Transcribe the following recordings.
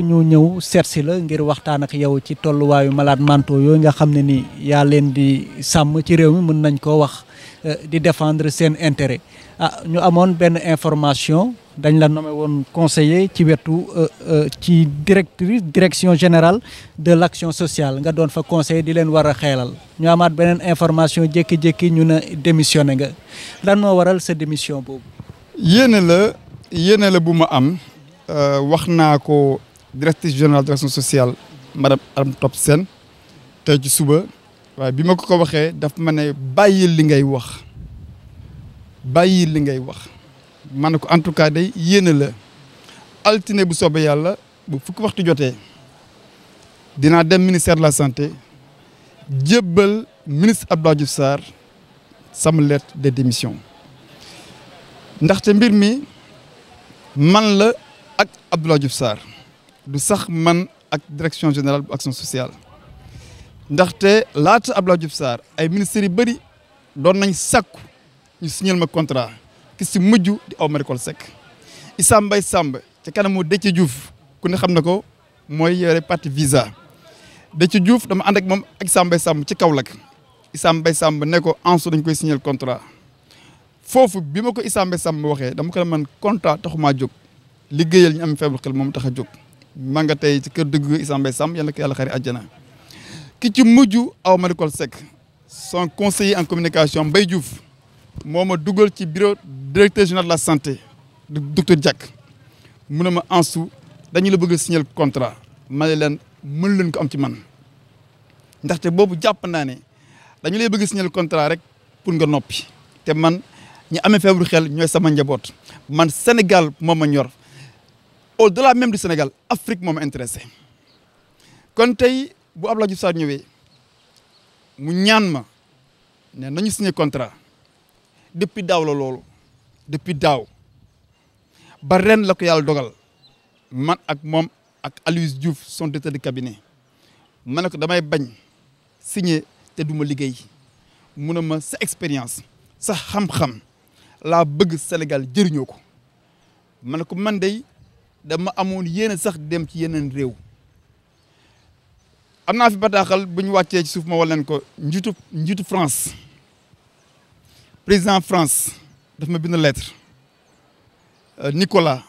que ñu ñëw seet la ngir waxtaan ak yow ci tolluwaayu malades mentaux yooyu nga xam ne ni yaa leen di sàmm ci réew mi mën nañ koo wax euh, di defendre seen intéret ah ñu amoon benn information dañ la nommé woon conseiller ci wetu euh, euh, ci directrice direction générale de l'action sociale nga doon fa conseiller di leen war a xeelal ñu amaat beneen information jékki-jékki ñu ne démissionné nga lan moo waral sa démission boobu. yéene la yéene la bu ma am wax naa ko directrice générale de l'action sociale madame Arame Top tey ci suba waaye bi ma ko ko waxee dafa ma ne bàyyil li ngay wax bàyyil li ngay wax ma ne ko en tout cas day yéene la altine bu soobee yàlla bu fukki waxtu jotee dinaa dem ministère de la santé jébbal ministre Abdoulaye Diouf Sarr sama lettre de démission ndaxte mbir mi man la ak Abdoulaye Diouf du sax man ak direction général bu sociale ndaxte laata abla Diouf Sarr ay ministères yu bëri doon nañ sàkku ñu signal ma contrat ki si mujj di aw Maricol Seck Issa Mbaye Samb ca kanamu Déthié Diouf ku ne xam na ko mooy yore parti visa Déthié Diouf dama ànd moom ak Issa ci Kaolack Issa Mbaye ne ko Anso dañ koy signal contrat foofu bi ma ko Issa Mbaye Samb waxee dama ko man contrat taxuma jog liggéeyal ñu am faible xel moom tax a jóg ma nga tey ci kër dëgg Issa Mbaye Samb yàlla ko yàlla xari ki ci mujj aw Malicol Seck son conseiller en communication mbay Diouf moo ma dugal ci bureau directeur général de la santé du docteur Diack mu ne ma Ansou dañu la bëgg a signer contrat ma ne leen mën leen ko am ci man ndaxte boobu jàpp naa ne dañu lay bëgg signer contrat rek pour nga noppi te man ñi amee feebaru xel ñooy sama njaboot man Sénégal moo ma ñor au-delà même du Sénégal Afrique moom intéressé kon tey bu Abdoulaye Diouf ñëwee mu ñaan ma ne nañu signé contrat depuis daaw la loolu depuis daaw ba ren la yàlla dogal man ak moom ak Aloyse Diouf son directeur de cabinet ma ne ko damay bañ signé te du ma liggéey mu ne ma sa expérience sa xam-xam laa bëgg Sénégal jëriñoo ko ma ne man day dama amoon yéen sax dem ci yeneen réew am naa fi bataaxal bu ñu wàccee ci suuf ma wala ko njiitu njiitu France président France daf ma bind lettre euh, Nicolas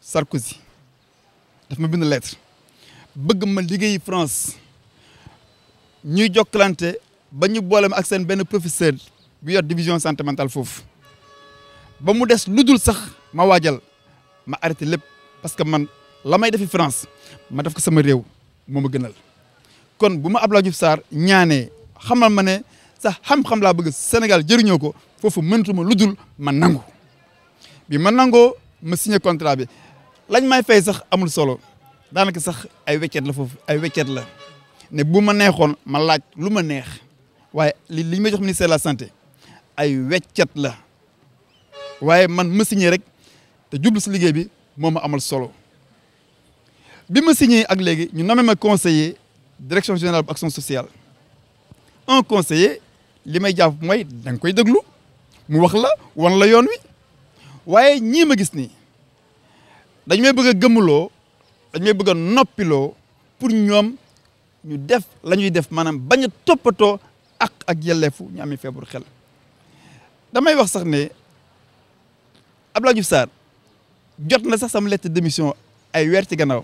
Sarkozy daf ma bind lettre bëgg ma liggéey France ñuy jokkalante ba ñu boolem ak seen benn professeur bu yor division santé foofu ba mu des lu sax ma waajal ma arrêté lépp. parce que man la may defi France ma def ko sama réew moo ma gënal kon bu ma Abdoulaye Diouf Sarr ñaanee xamal ma ne sax xam-xam laa bëgg Sénégal jëriñoo ko foofu mëntuma lu dul ma nangu bi ma nangoo ma signé contrat bi lañ may fay sax amul solo daanaka sax ay weccet la foofu ay weccet la ne bu ma neexoon ma laaj lu ma neex waaye li li ñu may jox ministère de la santé ay weccet la waaye man ma signé rek te jublu si liggéey bi. moo ma amal solo bi ma signé ak léegi ñu nommé ma conseiller direction générale bu action sociale un conseiller li may jàpp mooy da nga koy déglu mu wax la wan la yoon wi waaye ñii ma gis nii dañ may bëgg a gëmuloo dañ may bëgg a noppiloo pour ñoom ñu def la ñuy def maanaam bañ toppatoo ak ak yelleefu ñu amee feebaru xel damay wax sax ne Abdoulaye Diouf Sarr jot na sax sama lettre de démission ay weer ci gannaaw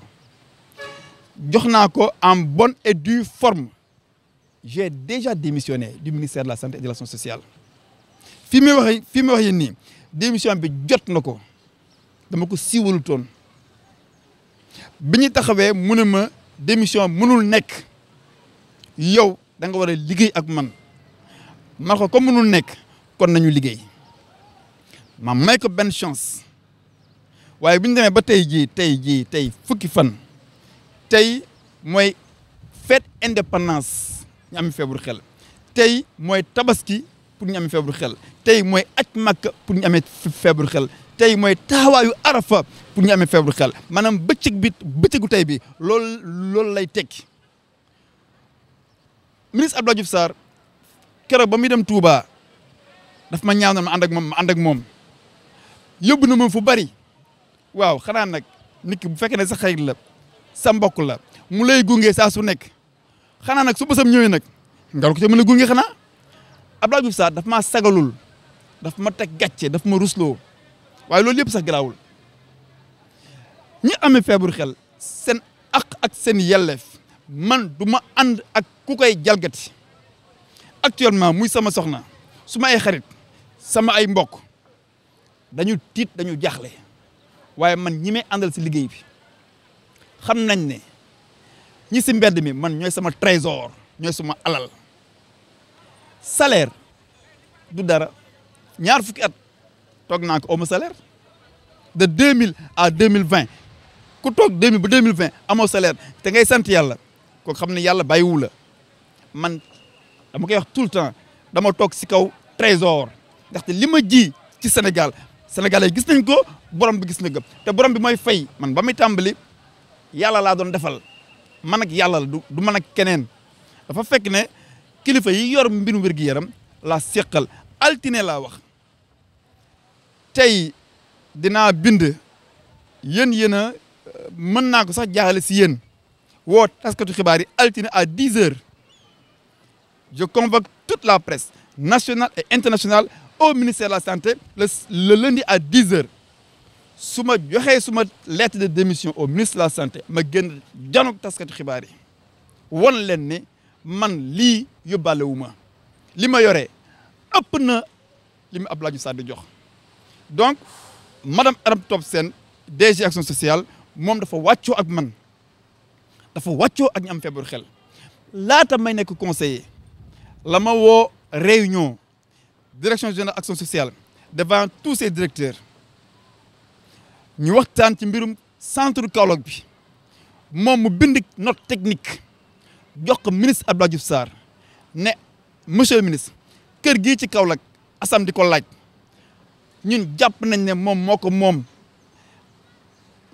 jox naa ko en bon et du forme j'ai déjà démissionné du ministère de la santé et de l'action sociale fi muy wax fi muy wax yéen nii démission bi jot na ko dama ko siiwalu toon bi ñu taxawee mu ne ma démission mënul nekk yow da nga war a liggéey ak man man ko comme mënul nekk kon nañu liggéey ma may ko benn chance waaye bu ñu ba tey jii tey jii tey fukki fan tey mooy fête indépendance ñu am xel tey mooy tabaski pour ñu amee xel tey mooy aj màkka pour ñu amee feebru xel tey mooy taxawaayu arafa pour ñu amee feebru xel maanaam bëccëg bi bëccëgu tey bi loolu lay tekki ministre Abdoulaye Diouf Sarr keroog ba muy dem Touba daf ma ñaanal ma ànd ak moom ma ànd ak moom yóbbu na moom fu bari waaw xanaa nag nit ki bu fekkee ne sa xarit la sa mbokk la mu lay gunge saa su nekk xanaa nag su bësam ñëwee nag nga ko ca mën a gunge xanaa Abdoulaye Diouf Sarr dafa ma sagalul daf ma teg gàcce dafa ma rusloo waaye loolu yëpp sax garaawul ñi amee feebaru xel seen aq ak seen yelleef man du ma ànd ak ku koy jalgati actuellement muy sama soxna su ma ay xarit sama ay mbokk dañu tiit dañu jaxle waaye man ñi may àndal si liggéey bi xam nañ ne ñi si mbedd mi man ñooy sama trésor ñooy sama alal salaire du dara ñaar fukki at toog naa ko amu salaire de deux mille à deux mille vingt ku toog deux mille ba deux mille vingt amoo salaire te ngay sant yàlla ko xam ne yàlla bàyyiwu la man dama koy wax tout le temps dama toog si kaw trésor ndaxte li ma ji ci Sénégal sénégalais gis nañ ko borom bi gis na gëm te borom bi mooy fay man ba muy tàmbali yàlla laa doon defal man ak yàlla la du du man ak keneen dafa fekk ne kilifa yi yor mbirum wér-gu-yaram laa seqal altine laa wax tey dinaa bind yéen yéen a mën naa ko sax jaaxale si yéen woo taskatu xibaar yi altine à dix heures je convoque la presse nationale et internationale au ministère la santé le le lundi à 10 su ma joxee su ma lettre de démission au ministre la santé ma génn janoog taskati xibaar yi won leen ne man lii yóbbaale wu ma li ma yore ëpp na li mu Abdoulaye Diouf di jox donc madame Arame Top Sène DG action sociale moom dafa wàccoo ak man dafa wàccoo ak ñam am xel laata may nekk conseiller la ma woo réunion. direction générale action sociale devant tous ses directeurs ñu waxtaan ci mbirum centre Kaolack bi moom mu bind note technique jox ko ministre Abdoulaye Diouf Sarr ne monsieur le ministre kër gii ci Kaolack asam di ko laaj ñun jàpp nañ ne moom moo ko moom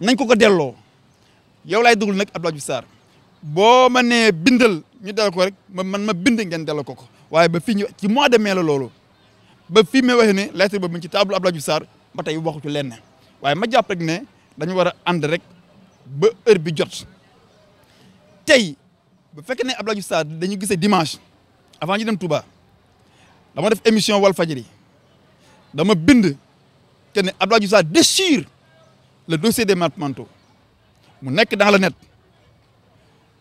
nañ ko ko delloo yow laay dugul nag Abdoulaye Diouf Sarr boo ma nee bindal ñu delloo ko rek ma man ma bind ngeen delloo ko ko waaye ba fii ñu ci mois de mai la loolu. ba fii may waxee ne lettre ba mu ci table Abdoulaye Diouf Sarr ba tey waxu ci lenn waaye ma jàpp rek ne dañu war a ànd rek ba heure bi jot tey bu fekkee ne Abdoulaye Diouf Sarr dañu gisee dimanche avant ñu dem Touba dama def émission Walfadjri dama bind te ne Abdoulaye Diouf Sarr déchire le dossier des malades mu nekk dans le net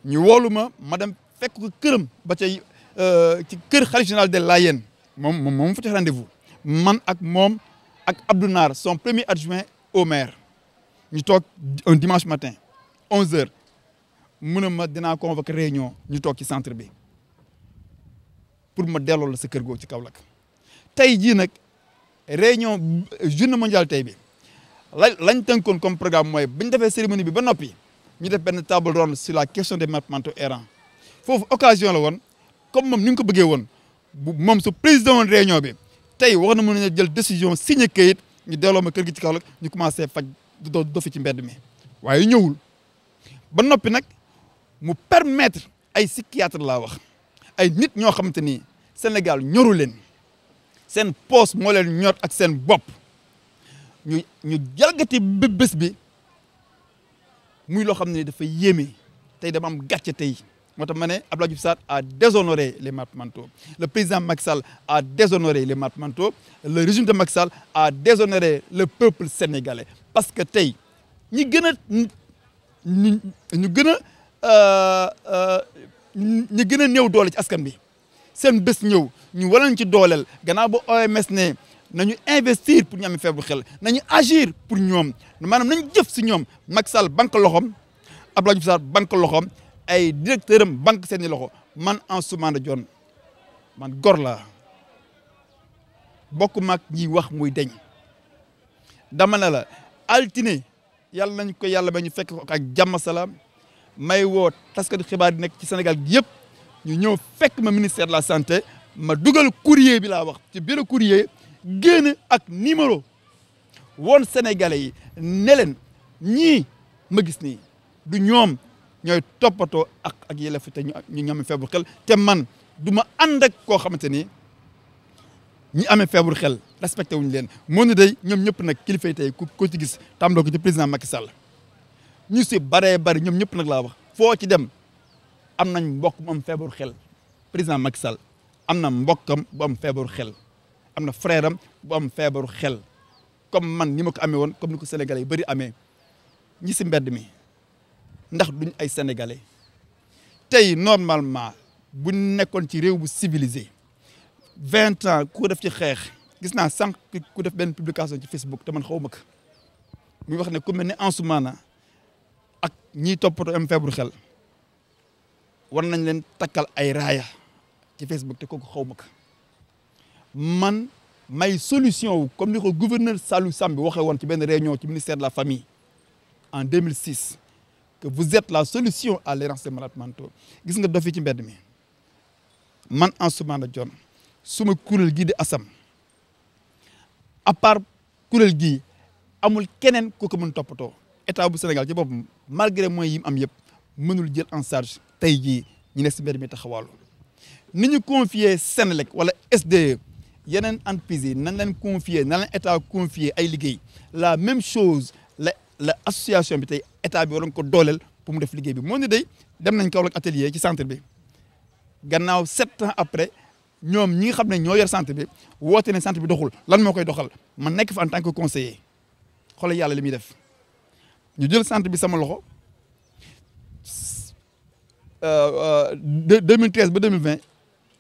ñu woolu ma ma fekk ko këram ba cay euh, ci kër xalifa général des Layènes moom moom moom fa jox man ak moom ak Abdou Nar son premier adjoint au maire ñu toog un dimanche matin 11h mun ma dinaa convoquer réunion ñu toog ci centre bi pour ma dellool la sa kër goo ci Kaolack tey jii nag réunion journée mondiale tey bi la lañ tënkoon comme programme mooy bu ñu defee cérémonie bi ba noppi ñu def benn table ronde sur la question des malades mentaux errants foofu occasion la woon comme moom ni nga ko bëggee woon. bu moom su président woon réunion bi tey wax na mën a jël décision signé kayit ñu delloo ma kër gi ci Kaolack ñu commencé faj do dofi ci mbedd mi waaye ñëwul ba noppi nag mu permettre ay psychiatre laa wax ay nit ñoo xamante ni Sénégal ñoru leen seen poos moo leen ñor ak seen bopp ñu ñu jalgati bés bi muy loo xam ne dafa yéeme tey dama am gàcce tey moo tax ma ne Abdoulaye Diouf Sarr a déshonoré les marteaux-manteaux le président Macky Sall a déshonoré les marteaux-manteaux le régime de Macky Sall a déshonoré le peuple sénégalais parce que tey ñi gën a ñu gën a euh, euh, ñu gën a néew doole ci askan bi seen bés ñëw ñu walan ci dooleel gannaaw ba OMS ne nañu investir pour ñam amee feebaru xel ñu agir pour ñoom maanaam nañu jëf si ñoom Macky Sall banque loxoom Abdoulaye Diouf Sarr banque loxoom ay directeur am banque seeni loxo man Ansoumana Dione man gor laa bokk mag ñiy wax muy deñ dama ne la altine yàlla nañ ko yàlla ba ñu fekk ko ak jàmm may woo taskatu xibaar yi nekk ci senegal gi yëpp ñu ñëw fekk ma ministère la santé ma dugal courrier bi laa wax ci biir courrier génn ak numéro woon sénégalais yi ne ñii ma gis nii du ñoom ñooy toppatoo ak ak yelleef te ñu ñu amee feebaru xel te man du ma ànd ak koo xamante ni ñi amee feebaru xel respecté wuñ leen moo ne day ñoom ñëpp nag kilifa tey ku ko ci gis tàmbaloo ko ci président Macky Sall ñu si baree bari ñoom ñëpp nag laa wax foo ci dem am nañ mbokk moom am feebaru xel président Macky am na mbokkam bu am feebaru xel am na frère am bu am feebaru xel comme man ni ma ko amee woon comme ni ko Sénégalais yu bari amee ñi si mbedd mi. ndax duñ ay sénégalais tey normalement buñ nekkoon ci réew bu civilisé vingt ans ku def ci xeex gis naa sànq ku def benn publication ci Facebook te man xaw ma ko muy wax ne ku mel ne Ansoumana ak ñii toppatoo am feebaru xel war nañ leen takkal ay raaya ci Facebook te kooku xaw ma man may solution wu comme ni ko gouverneur Sallou Samb waxee woon ci benn réunion ci ministère de la famille en 2006 que vous êtes la solution à l'errance des malades mentaux gis nga dof yi ci mbedd mi man Ansoumana jon suma kuréel gii di asam à part kuréel gii amul keneen ku ko mën toppatoo état bu Sénégal ci boppam malgré moyens yi mu am yëpp mënul jël en charge tey jii ñu nekk si mi taxawaalu ni ñu confier Sénélec wala SDE yeneen entreprises yi nan leen confier nan état confier ay liggéey la même chose la la association bi tey état bi waroon ko dooleel pour mu def liggéey bi moo ni day dem nañ Kaolack atelier ci centre bi gannaaw sept ans après ñoom ñi nga xam ne ñoo yor centre bi woote ne centre bi doxul lan moo koy doxal ma nekk fa que conseiller xoolal yàlla li muy def ñu jël centre bi sama loxo 2013 euh, euh, ba 2020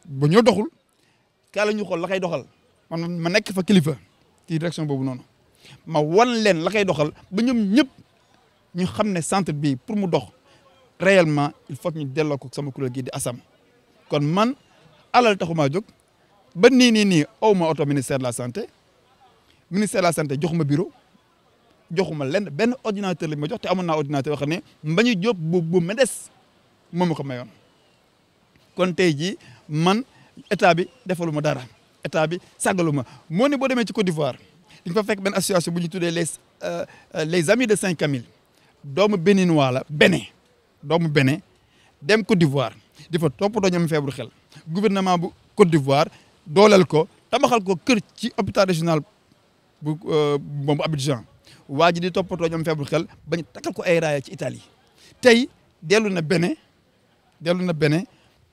ba ñoo doxul kaa la ñu xool la koy doxal man ma nekk fa kilifa ci direction boobu noonu ma wan leen la koy doxal ba ñëpp ñu xam ne centre bi pour mu dox réellement il faut ñu delloo ko sama kuréel gii di ASAM kon man alal taxumaa jóg ba nii nii nii aw ma oto ministère la santé ministère de la santé joxuma bureau joxuma lenn benn ordinateur lañ ma jox te amoon naa ordinateur yoo xam ne mbañu jóob bu bu MEDES moom ma ko mayoon kon tey ji man état bi defalu ma dara état bi sàggalu ma moo ne boo demee ci Côte d'Ivoire dañ fa fekk benn association bu ñu tuddee les euh, les amis de Saint-Camille doomu béninois la Bénin doomu Bénin dem Côte d'Ivoire di fa toppatoo ñoom feebaru xel gouvernement bu Côte d'Ivoire dooleel ko tabaxal ko kër ci hôpital régional bu moom euh, bu Abidjan waa ji di toppatoo ñoom feebaru xel bañ takkal ko ay ci Italie tey dellu na Bénin dellu na Bénin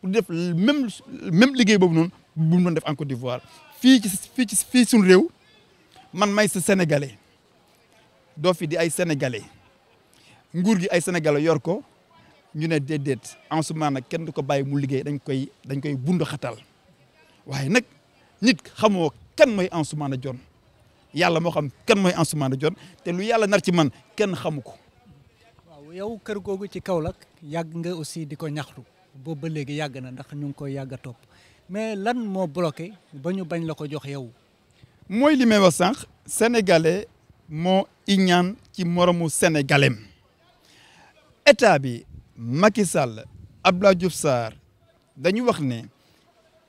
pour même même liggéey boobu noonu bu mu doon def en Côte d'Ivoire fii ci fii ci fii suñu réew. man may sa sénégalais doo fi di ay sénégalais nguur gi ay sénégalais yor ko ñu ne déedéet en ce moment kenn du ko bàyyi mu liggéey dañ koy dañ koy bund xatal waaye nag nit xamoo kan mooy Ansoumana Dione yàlla moo xam kenn mooy Ansoumana Dione te lu yàlla nar ci man kenn xamu ko. waaw yow kër googu ci Kaolack yàgg nga aussi di ko ñaxtu boobu ba léegi yàgg na ndax ñu ngi koy yàgg topp mais lan moo bloqué ba ñu bañ la ko jox yow mooy li may wax sànq sénégalais moo iñaan ci moroomu sénégalais état bi Macky Sall Abdoulaye Diouf Sarr dañu wax ne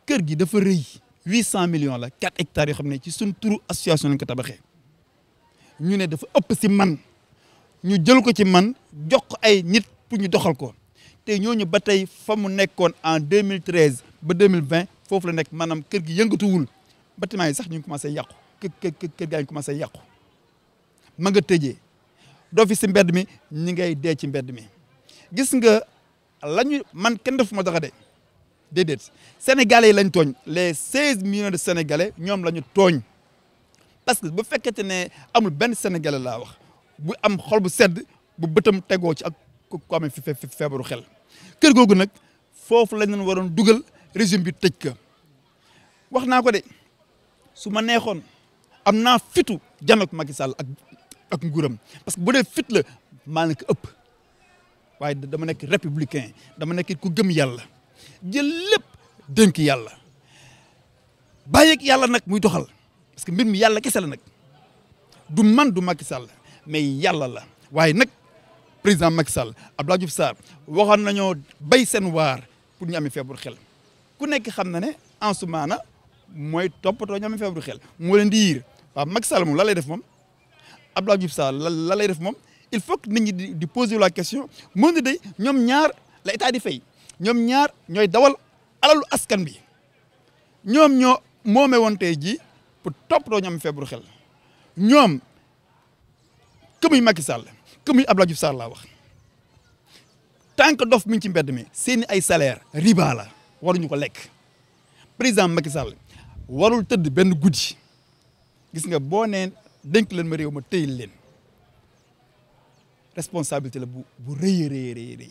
kër gi dafa rëy huit cent millions la quatre hectares yoo xam ne ci suñ turu association lañ ko tabaxee ñu ne dafa ëpp si man ñu jël ko ci man jox ay nit pour ñu doxal ko te ñooñu ba tey fa mu nekkoon en 2013 ba 2020 foofu la nekk maanaam kër gi yëngatuwul bâtiment yi sax ñu ngi commencé yàqu kër kër kër ma nga tëjee doo mbedd mi ñi ngay dee ci mbedd mi gis nga la ñu man kenn def ma dara de déedéet sénégalais yi lañ tooñ les seize millions de sénégalais ñoom la ñu tooñ parce que bu fekkete ne amul benn sénégalais laa wax bu am xol bu sedd bu bëtam tegoo ci ak ku amee fi feebaru xel kër googu nag foofu lañ leen waroon dugal régime bi tëj ka wax naa ko de su ma neexoon am naa fitu janok Macky Sall ak ak nguuram parce que bu dee fit la maa nekk ëpp waaye dama nekk républicain dama nekk ku gëm yàlla jël lépp dénk yàlla bàyyeeg yàlla nag muy doxal parce que mbir mi yàlla kese la nag du man du Macky Sall mais yàlla la waaye nag président Macky Sall Abdoulaye Diouf Sarr waxoon nañoo bay seen waar pour ñu amee feebar xel ku nekk xam na ne en ce moment mooy toppatoo ñi amee feebaru xel moo leen di yiir waaw moom la lay def moom Abdoulaye Diouf Sarr la lay def moom il faut que nit ñi di poser la question mën na day ñoom ñaar la état di fay ñoom ñaar ñooy dawal alalu askan bi ñoom ñoo moome woon tey jii pour toppatoo ñi amee feebaru xel ñoom que muy Macky Sall que muy Abdoulaye laa wax tant que dof mi ngi ci mbedd mi seeni ay salaire riba la waruñu ko lekk président Macky warul tëdd benn guddi gis nga boo nee dénk ma réew ma téyil leen responsabilité la bu bu rëy rëy rëy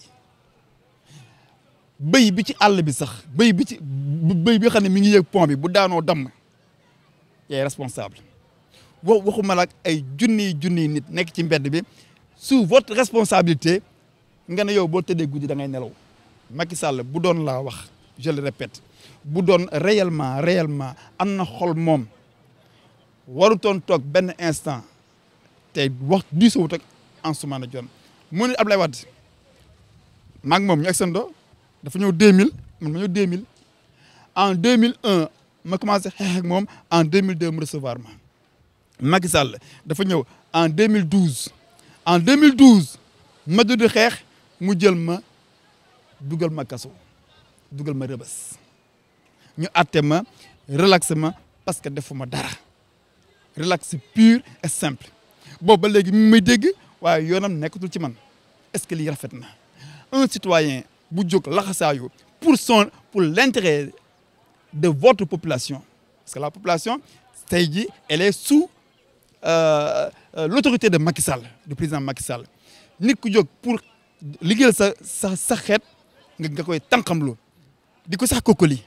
béy bi ci àll bi sax béy bi ci béy bi xam ne mi ngi yëg bi bu daanoo damm yaay responsable wa waxuma la ay junni junniy nit nekk ci mbedd bi sous votre responsabilité nga ne yow boo tëddee guddi da nelaw Macky Sall bu doon laa wax je le répète bu doon réelement réellement am na xol moom warutoon toog benn instant te wax diisawut ak Ansoumana Dione mu ne Ablaye Wade maag moom ñu agsandoo dafa ñëw 2000 man ma ñëw 2000 en 2001 ma commencé xeex moom en 2002 mu recevoir ma Macky Sall dafa ñëw en 2012 en 2012 ma judd xeex mu jël ma dugal ma kaso dugal ma rëbës ñu àtte ma relaxé ma parce que defuma dara relax pur et simple boobu ba léegi mi ngi may dégg waaye yoonam nekkatul ci man est-ce que lii rafet na un citoyen bu jóg laxasaayu pour son pour l'intérêt de votre population parce que la population tey jii elle est sous euh, euh l'autorité de Macky de président Macky Sall nit ku jog pour liggéeyal sa sa sa xeet nga nga koy tànqamlu di ko sax kokkali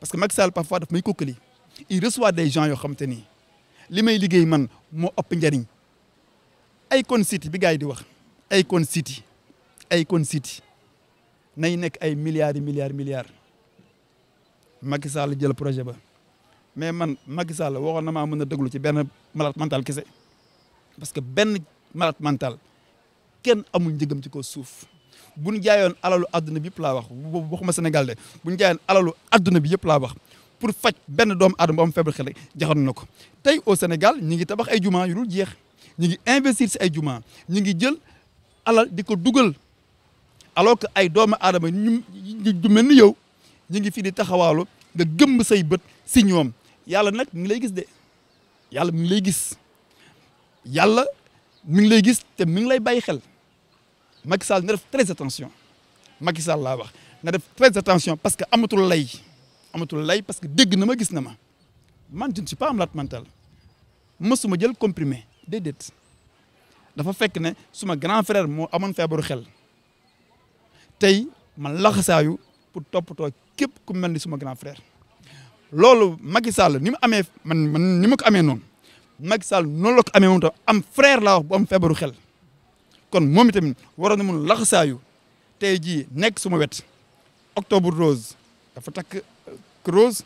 parce que Macky al parfois daf may kokkali il reçoit des gens yoo xamante ni li may liggéey man moo ëpp njariñ Akon City bi gars yi di wax Akon ay Akon City nay nekk ay milliards yi milliards milliards Macky jël projet ba mais man Macky Sall waxoon na maa mën a déglu ci benn malade mantal kese parce que benn malade mantal kenn amul njëgam ci ko suuf bu ñu jaayoon alalu adduna bi yëpp laa wax waxuma Sénégal de bu ñu jaayoon alalu adduna bi yëpp laa wax pour faj benn doomu aadama am feebar xel rek jaxanu na ko tey au Sénégal ñu ngi tabax ay jumaa yu jeex ñu ngi investir si ay jumaa ñu ngi jël alal di ko dugal alors que ay doomu aadama ñu ñu mel ni yow ñu ngi fi di taxawaalu nga gëmm sey bët si ñoom yàlla nag mi ngi lay gis de yàlla mi ngi lay gis yàlla mi ngi lay gis te mi ngi lay bàyyi xel. Macky Sall na def très attention Macky Sall laa wax na def très attention parce que amatul lay amatul lay parce que dégg na ma gis na ma man je ne suis pas malade mental mësuma jël comprimé déedéet dafa fekk ne suma grand frère moo amoon feebaru xel tey man laxasaayu pour toppatoo képp ku mel ni suma grand frère. loolu Macky Sall ni mu amee man man ni ma ko amee noonu Macky Sall noonu la ko amee am frère laa wax bu am feebaru xel. kon moom itamit waroon na mun laxasaayu tey jii nekk suma wet octobre rose dafa takk euh, rose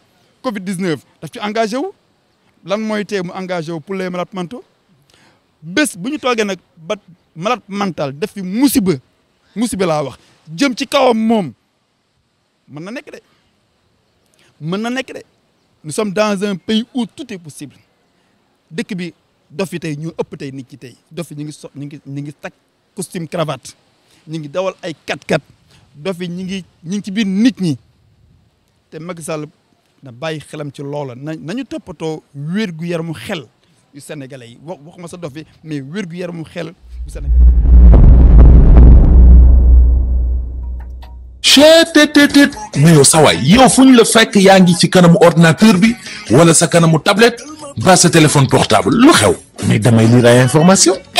covid 19 daf ci engagé wu lan mooy tey mu engagé wu pour les malades bés bu ñu toogee nag ba malade mental def fi musiba musiba laa wax jëm ci kawam moom mën na nekk de mën na nekk de nous sommes dans un pays où tout est possible dëkk bi dof yi tey ñoo ëpp tey nit ci tey dofi yi ñu ngi so ñu ngi ñu ngi takk costume cravate ñu ngi dawal ay kat-kat dofi ñi ngi ñi ngi ci biir nit ñi te Macky Sall na bàyyi xelam ci loola na nañu toppatoo wér-gu-yaramu xel yu sénégalais yi wax waxuma sa dof bi mais wér-gu-yaramu xel yu sénégalais yi chetttt mais yow sa yow fu ñu la fekk yaa ngi ci kanamu ordinateur bi wala sa kanamu tablette ba sa téléphone portable lu xew mais damay lire ay information